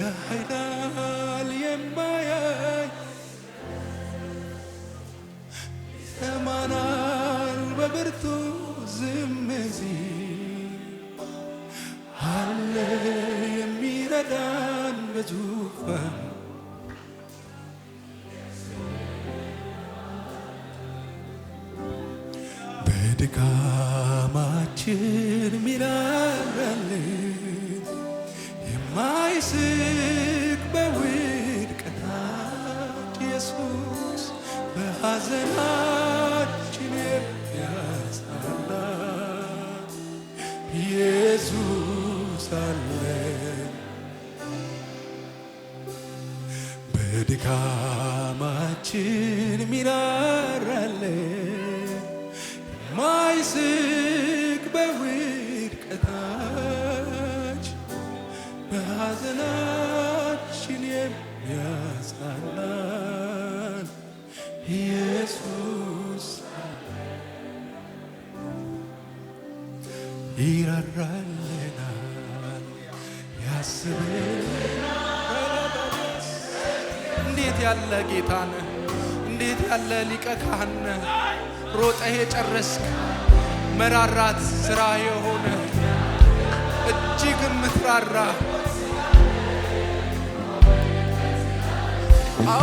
ያይናል የማያይ ሰማናል በብርቱ ዝም ሲል አለ የሚረዳን በዙፋን በድካማችን ሲስቅ በውድቀት ኢየሱስ በሐዘናችን ያጽናና ኢየሱስ አለ በድካማችን ሚና ይራራልናል፣ ያስብልናል። እንዴት ያለ ጌታ ነህ! እንዴት ያለ ሊቀ ካህን ነህ! ሮጠህ የጨረስክ መራራት ስራ የሆነ እጅግ የምትራራ አዎ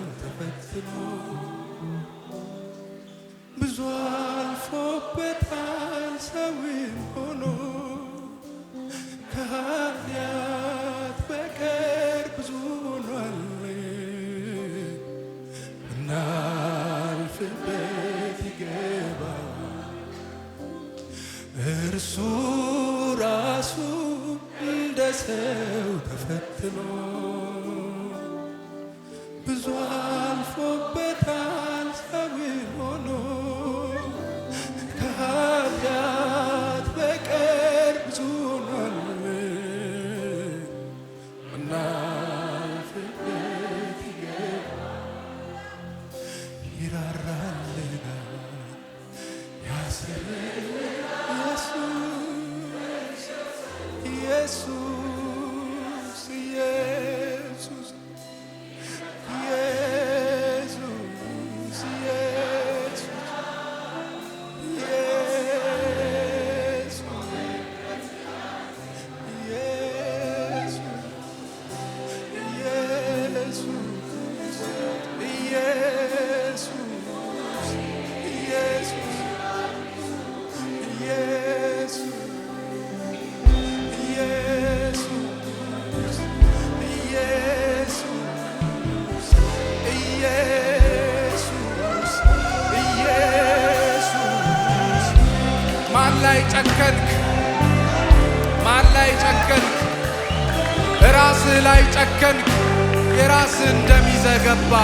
ነው ብዙ አልፎበታል ሰውም ሆኖ ከኃጢአት በቀር ብዙ ሆኗል እናልፍበት ይገባል እርሱ ራሱ እንደ ሰው ተፈትኖ ብዙ ጨከንክ? ማን ላይ ጨከንክ? ራስህ ላይ ጨከንክ። የራስ እንደሚዘገባ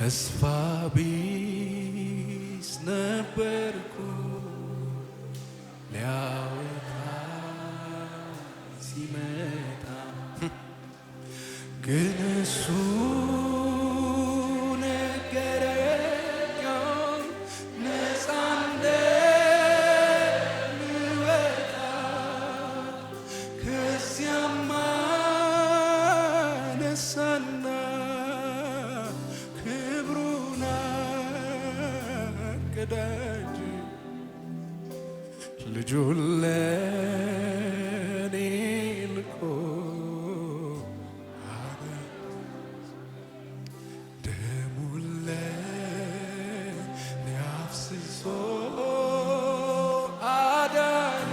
ተስፋ ቢስ ነበርኩ ያውቃል ሲመጣ ግን እሱ ነገረኛ ነፃ እንደምወጣ ከዚያማ ነሳና ክብሩን ክዳ ልጁን ለኔ ልኮ ደሙን ለኔ አፍስሶ አዳነ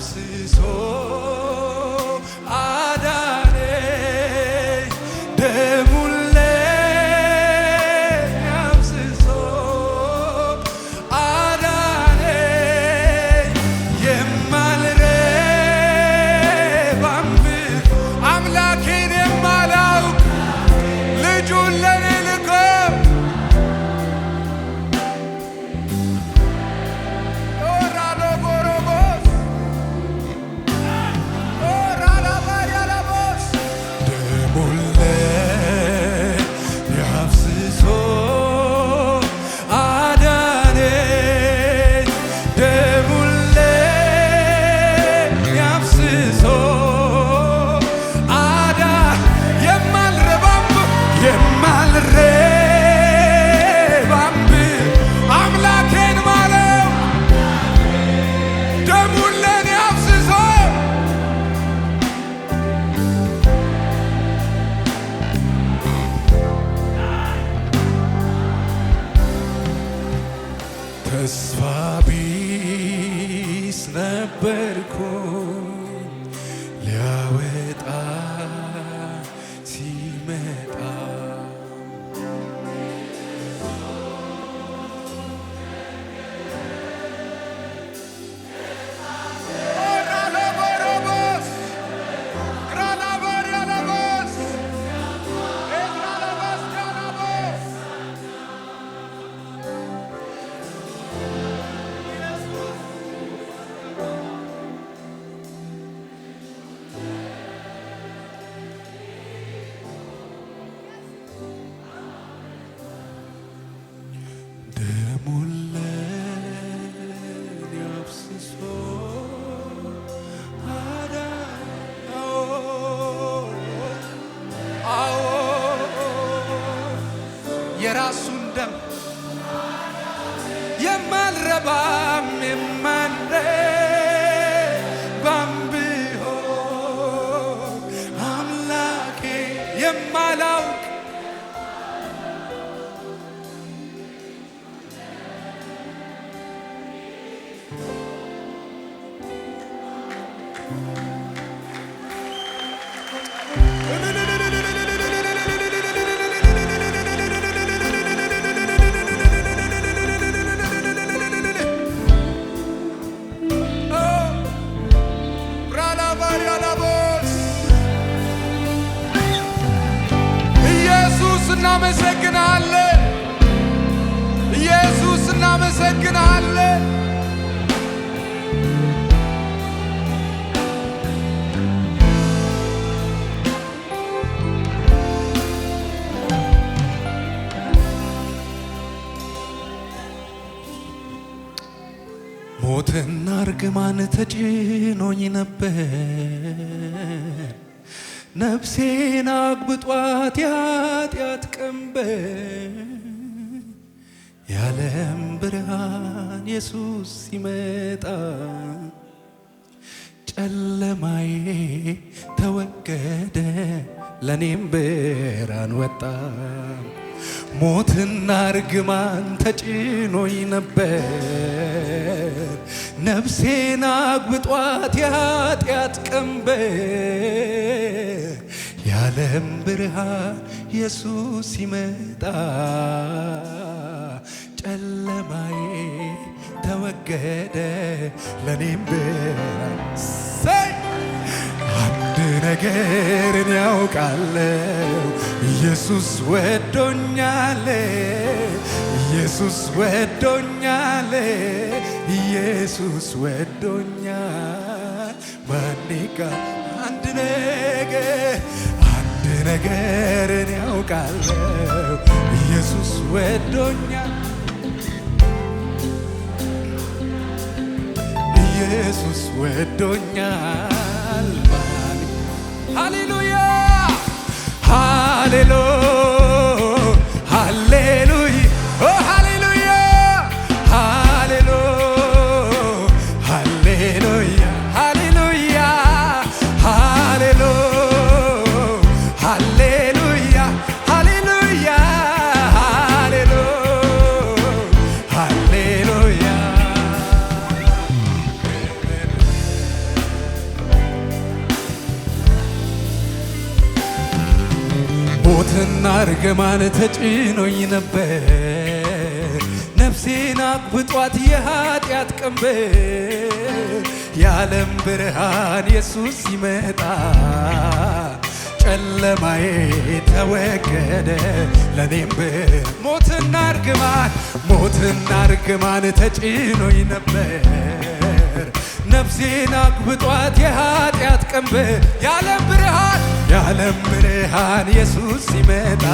se sou. የማላውቅ እናመሰግናለን። ሞትና እርግማን ተጭኖኝ ነበር ነፍሴን አግብጧት ያጢአት ቀንበር የዓለም ብርሃን ኢየሱስ ሲመጣ ጨለማዬ ተወገደ፣ ለኔም ብርሃን ወጣ። ሞትና እርግማን ተጭኖኝ ነበር፣ ነፍሴን አግብጧት የኃጢአት ቀንበር። የዓለም ብርሃን ኢየሱስ ሲመጣ ጨለማዬ ተወገደ ለኔም ብሰይ አንድ ነገርን ያውቃለው ኢየሱስ ወዶኛለ ኢየሱስ ወዶኛለ ኢየሱስ ወዶኛል ማኔጋ አንድ ነገር አንድ ነገርን ያውቃለው ኢየሱስ ወዶኛል ኢየሱስ ወዶኛል። ሃሌሉያ ሃሌሉያ እርግማን ተጭኖኝ ነበር ነፍሴን አቅብጧት የኃጢአት ቀንበር የዓለም ብርሃን ኢየሱስ ሲመጣ ጨለማዬ ተወገደ ለኔም ሞትና እርግማን ሞትና እርግማን ተጭኖኝ ነበር ነፍሴን አቅብጧት የኃጢአት ቀንበር የዓለም ብርሃን የዓለም ብርሃን ኢየሱስ ሲመጣ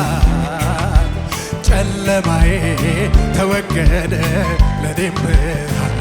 ጨለማዬ ተወገደ ለኔም ብርሃን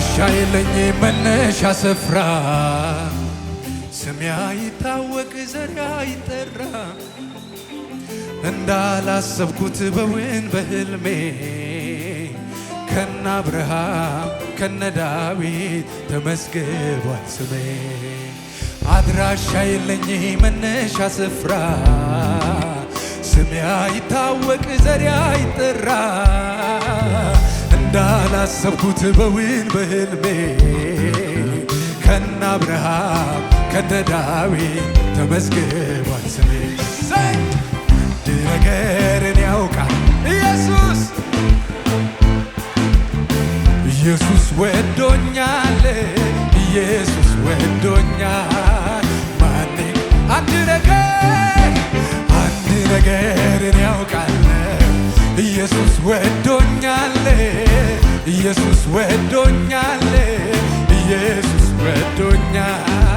ጋሻ የለኝ መነሻ ስፍራ ስሚያ ይታወቅ ዘሪያ ይጠራ እንዳላሰብኩት በውን በህልሜ ከነ አብርሃም ከነ ዳዊት ተመዝግቧል ስሜ። አድራሻ የለኝ መነሻ ስፍራ ስሚያ ይታወቅ ዘሪያ ይጠራ ያሰብኩት በዊን በህልሜ ከነ አብርሃም ከነ ዳዊት ተመዝግቧል ስሜ ድረገርን ያውቃል ኢየሱስ ኢየሱስ ወዶኛል ኢየሱስ ወዶኛል አንድ ነገር አንድ ነገርን ያውቃል ኢየሱስ ወዶኛል ኢየሱስ ወዶኛል ኢየሱስ ወዶኛል